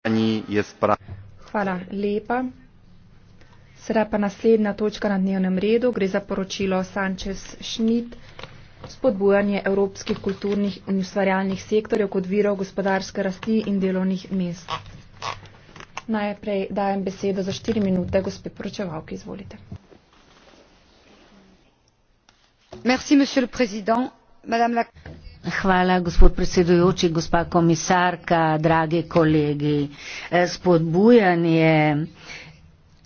Hvala lepa. Sedaj pa naslednja točka na dnevnem redu. Gre za poročilo Sanchez Schmidt. Spodbujanje evropskih kulturnih in ustvarjalnih sektorjev kot virov gospodarske rasti in delovnih mest. Najprej dajem besedo za štiri minute, gospe poročevalke, izvolite. Merci, Hvala, gospod predsedujoči, gospa komisarka, dragi kolegi. Eh, spodbujanje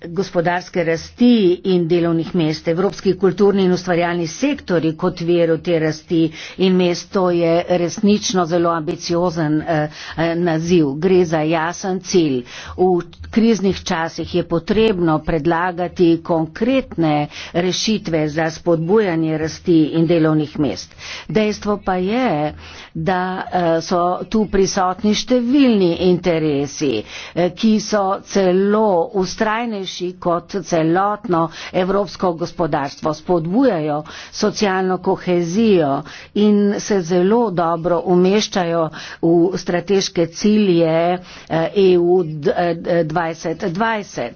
gospodarske rasti in delovnih mest. Evropski kulturni in ustvarjalni sektori kot vero te rasti in mesto je resnično zelo ambiciozen eh, eh, naziv. Gre za jasen cilj. V kriznih časih je potrebno predlagati konkretne rešitve za spodbujanje rasti in delovnih mest. Dejstvo pa je, da eh, so tu prisotni številni interesi, eh, ki so celo ustrajnejši naši kot celotno evropsko gospodarstvo spodbujajo socialno kohezijo in se zelo dobro umeščajo v strateške cilje EU eh, e 2020. Eh,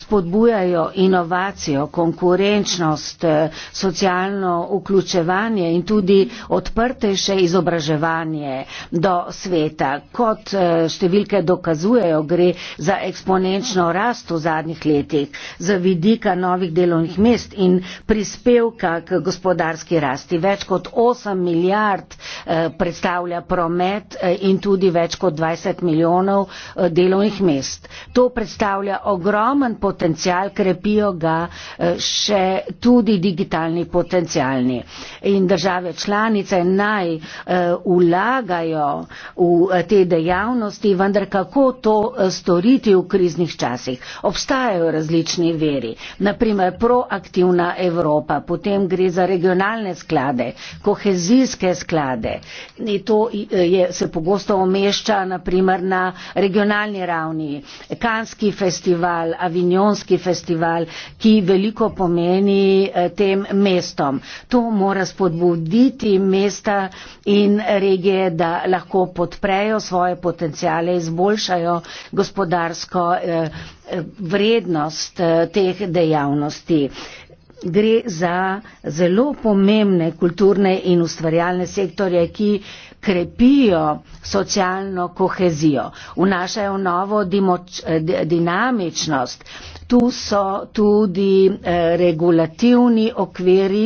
spodbujajo inovacijo, konkurenčnost, eh, socialno vključevanje in tudi odprtejše izobraževanje do sveta. Kot številke dokazujejo, gre za eksponenčno rast v zadnjih letih z vidika novih delovnih mest in prispevka k gospodarski rasti. Več kot 8 milijard eh, predstavlja promet eh, in tudi več kot 20 milijonov eh, delovnih mest. To predstavlja ogromen potencial, krepijo ga še tudi digitalni potencialni. In države članice naj vlagajo v te dejavnosti, vendar kako to storiti v kriznih časih. Obstaja obstajajo različni veri, naprimer proaktivna Evropa, potem gre za regionalne sklade, kohezijske sklade. In to je, se pogosto omešča naprimer na regionalni ravni, Kanski festival, Avignonski festival, ki veliko pomeni eh, tem mestom. To mora spodbuditi mesta in regije, da lahko podprejo svoje potencijale, izboljšajo gospodarsko. Eh, vrednost eh, teh dejavnosti. Gre za zelo pomembne kulturne in ustvarjalne sektorje, ki krepijo socialno kohezijo, vnašajo novo dimoč, eh, dinamičnost, Tu so tudi eh, regulativni okviri,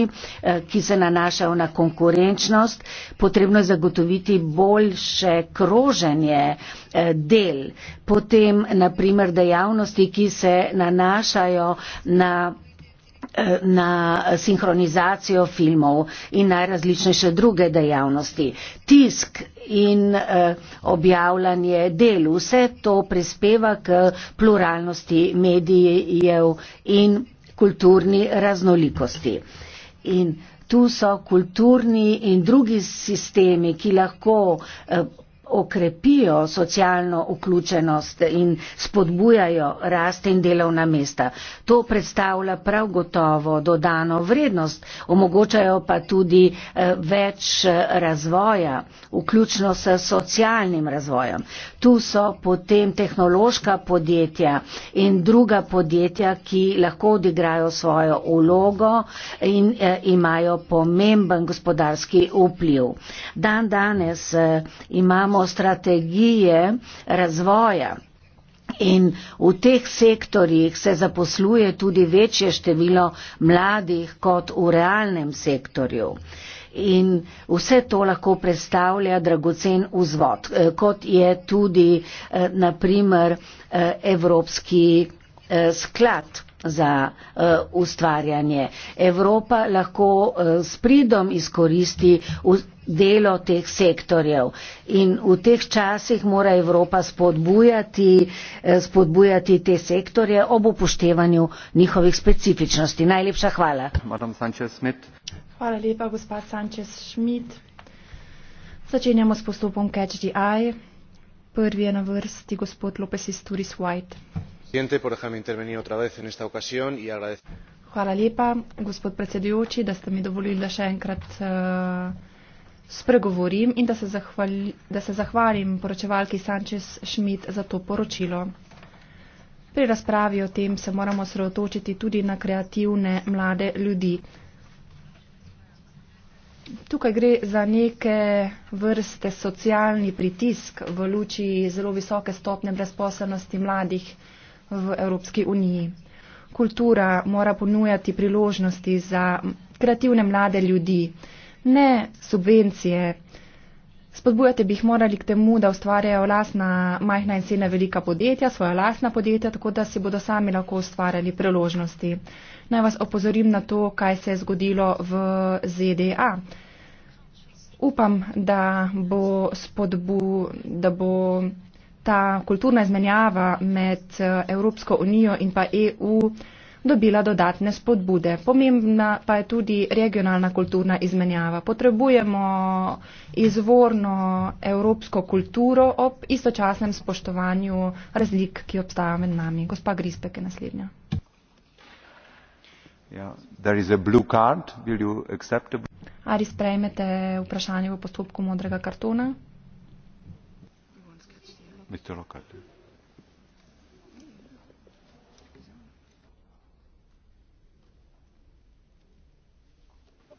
eh, ki se nanašajo na konkurenčnost. Potrebno je zagotoviti boljše kroženje eh, del. Potem, naprimer, dejavnosti, ki se nanašajo na na sinhronizacijo filmov in najrazličnejše druge dejavnosti. Tisk in eh, objavljanje del, vse to prispeva k pluralnosti medijev in kulturni raznolikosti. In tu so kulturni in drugi sistemi, ki lahko eh, okrepijo socialno vključenost in spodbujajo rast in delovna mesta. To predstavlja prav gotovo dodano vrednost, omogočajo pa tudi eh, več eh, razvoja, vključno s socialnim razvojem. Tu so potem tehnološka podjetja in druga podjetja, ki lahko odigrajo svojo ulogo in eh, imajo pomemben gospodarski vpliv. Dan danes imamo strategije razvoja. In v teh sektorjih se zaposluje tudi večje število mladih kot v realnem sektorju. In vse to lahko predstavlja dragocen vzvod, eh, kot je tudi eh, naprimer eh, Evropski sklad, za uh, ustvarjanje. Evropa lahko uh, s pridom izkoristi delo teh sektorjev in v teh časih mora Evropa spodbujati, uh, spodbujati te sektorje ob upoštevanju njihovih specifičnosti. Najlepša hvala. Hvala lepa, gospod Sanchez Schmidt. Začenjamo s postopkom Catch the Eye. Prvi je na vrsti gospod Lopez iz Turis White gospod predsedujoči da ste mi dovolili da še enkrat uh, spregovorim in da se, zahvali, da se zahvalim poročevalki Sanchez Schmidt za to poročilo. Pri razpravi o tem se moramo sredotočiti tudi na kreativne mlade ljudi. Tukaj gre za neke vrste socialni pritisk v luči zelo visoke stopne brezposobnosti mladih v Evropski uniji. Kultura mora ponujati priložnosti za kreativne mlade ljudi, ne subvencije. Spodbujati bi jih morali k temu, da ustvarjajo lasna majhna in sena velika podjetja, svoja lasna podjetja, tako da si bodo sami lahko ustvarjali priložnosti. Naj vas opozorim na to, kaj se je zgodilo v ZDA. Upam, da bo, spodbu, da bo ta kulturna izmenjava med eh, Evropsko unijo in pa EU dobila dodatne spodbude. Pomembna pa je tudi regionalna kulturna izmenjava. Potrebujemo izvorno evropsko kulturo ob istočasnem spoštovanju razlik, ki obstaja med nami. Gospa Grispek je naslednja. Ja, yeah, Ali sprejmete vprašanje v postopku modrega kartona? Mr. Lockhart.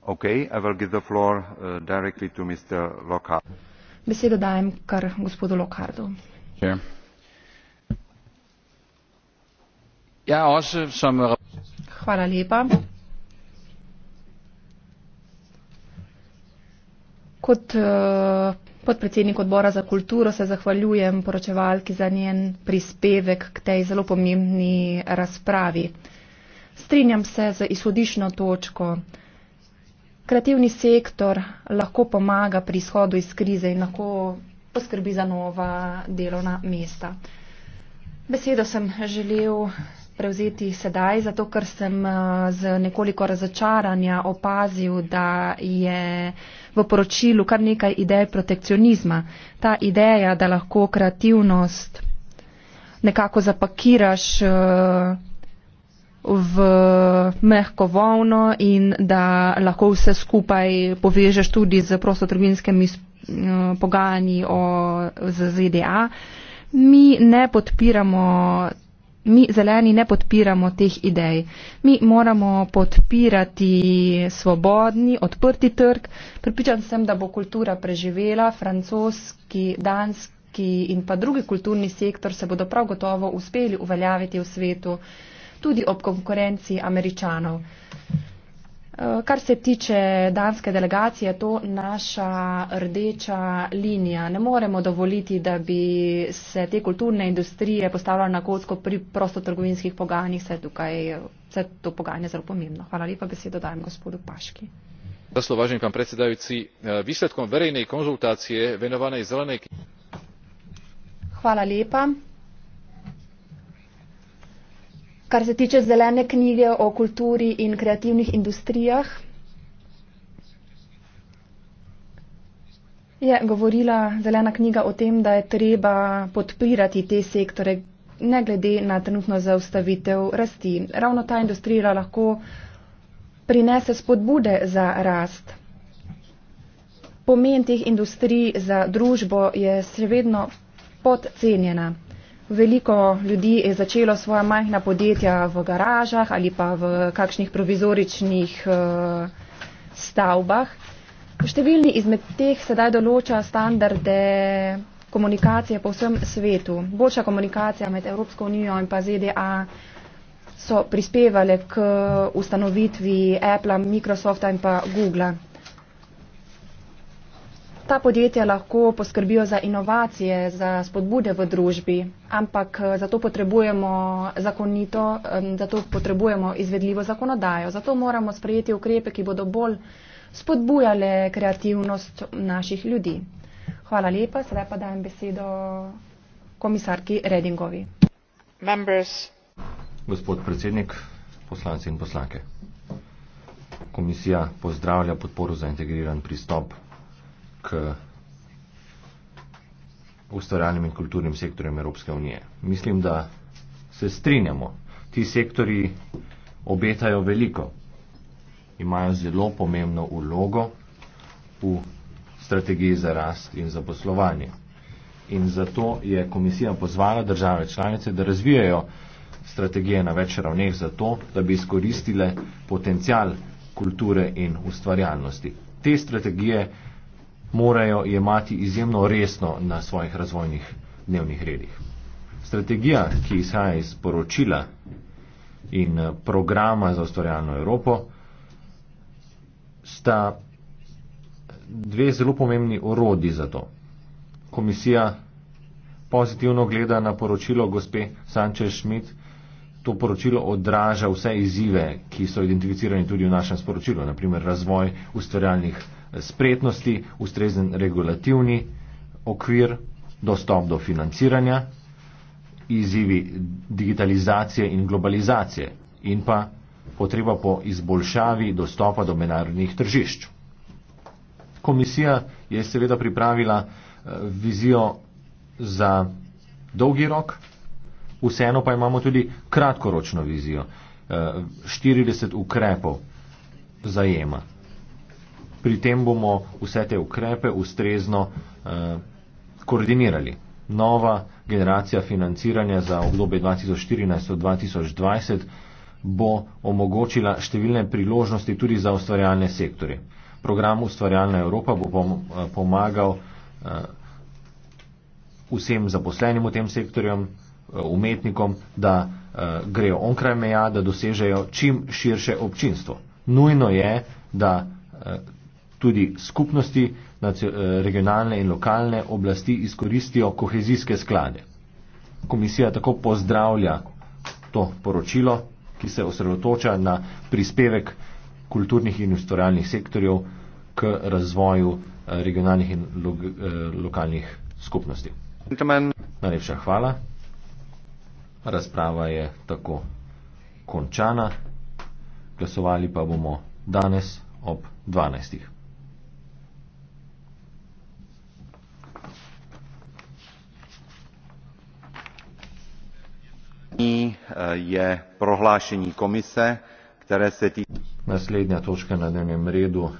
Okay, I will give the floor uh, directly to Mr. Lockhart. Besedo dajem kar gospodu Lockhartu. Yeah. Ja, også som... Hvala lepa. Kot uh, Podpredsednik odbora za kulturo se zahvaljujem poročevalki za njen prispevek k tej zelo pomembni razpravi. Strinjam se z izhodišno točko. Kreativni sektor lahko pomaga pri izhodu iz krize in lahko poskrbi za nova delovna mesta. Besedo sem želel prevzeti sedaj, zato ker sem eh, z nekoliko razočaranja opazil, da je v poročilu kar nekaj idej protekcionizma. Ta ideja, da lahko kreativnost nekako zapakiraš eh, v mehko volno in da lahko vse skupaj povežeš tudi z prostotrbinskimi eh, pogajanji o, z ZDA. Mi ne podpiramo Mi zeleni ne podpiramo teh idej. Mi moramo podpirati svobodni, odprti trg. Pripričan sem, da bo kultura preživela, francoski, danski in pa drugi kulturni sektor se bodo prav gotovo uspeli uveljaviti v svetu, tudi ob konkurenci američanov. Eh, kar se tiče danske delegacije, je to naša rdeča linija. Ne moremo dovoliti, da bi se te kulturne industrije postavljali na kocko pri prostotrgovinskih pogajanjih. Se, se to pogajanje zelo pomembno. Hvala lepa, besedo dajem gospodu Paški. Zaslo, vážený pán predsedajúci, eh, výsledkom verejnej konzultácie venovanej zelenej knihe. Hvala lepa kar se tiče zelene knjige o kulturi in kreativnih industrijah. Je govorila zelena knjiga o tem, da je treba podpirati te sektore, ne glede na trenutno zaustavitev rasti. Ravno ta industrija lahko prinese spodbude za rast. Pomen teh industrij za družbo je še vedno podcenjena. Veliko ljudi je začelo svoja majhna podjetja v garažah ali pa v kakšnih provizoričnih uh, stavbah. Številni izmed teh sedaj določa standarde komunikacije po vsem svetu. Boljša komunikacija med Evropsko unijo in pa ZDA so prispevale k ustanovitvi Apple, Microsofta in pa Google. -a. Ta podjetja lahko poskrbijo za inovacije, za spodbude v družbi, ampak eh, za to potrebujemo zakonito, za to potrebujemo izvedljivo zakonodajo. Zato moramo sprejeti ukrepe, ki bodo bolj spodbujale kreativnost naših ljudi. Hvala lepa, sedaj pa dajem besedo komisarki Redingovi. Members. Gospod predsednik, poslanci in poslanke. Komisija pozdravlja podporo za integriran pristop k ustvarjalnim in kulturnim sektorjem Evropske unije. Mislim, da se strinjamo. Ti sektori obetajo veliko, imajo zelo pomembno ulogo v strategiji za rast in za poslovanje. In zato je komisija pozvala države članice, da razvijajo strategije na več ravneh za to, da bi izkoristile potencial kulture in ustvarjalnosti. Te strategije morajo jemati izjemno resno na svojih razvojnih dnevnih redih. Strategija, ki izhaja iz poročila in eh, programa za ustvarjalno Evropo, sta dve zelo pomembni orodi za to. Komisija pozitivno gleda na poročilo gospe Sančeš Šmit. To poročilo odraža vse izzive, ki so identificirani tudi v našem sporočilu, naprimer razvoj ustvarjalnih spretnosti, ustrezen regulativni okvir, dostop do financiranja, izzivi digitalizacije in globalizacije in pa potreba po izboljšavi dostopa do mednarodnih tržišč. Komisija je seveda pripravila eh, vizijo za dolgi rok, vseeno pa imamo tudi kratkoročno vizijo. 40 eh, ukrepov zajema pri tem bomo vse te ukrepe ustrezno eh, koordinirali. Nova generacija financiranja za obdobje 2014-2020 bo omogočila številne priložnosti tudi za ustvarjalne sektore. Program Ustvarjalna Evropa bo pom eh, pomagal eh, vsem zaposlenim v tem sektorju, eh, umetnikom, da eh, grejo onkraj meja, da dosežejo čim širše občinstvo. Nujno je, da eh, tudi skupnosti, eh, regionalne in lokalne oblasti izkoristijo kohezijske sklade. Komisija tako pozdravlja to poročilo, ki se osredotoča na prispevek kulturnih in ustvarjalnih sektorjev k razvoju eh, regionalnih in lo eh, lokalnih skupnosti. Gentlemen. Najlepša hvala. Razprava je tako končana. Glasovali pa bomo danes ob 12. je prohlášení komise které se týká. naslednja točka na dnevnem redu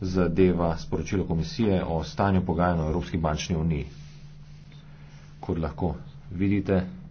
zadeva sporočilo komisije o stanju pogajanj o evropski bančni uniji kot lahko vidite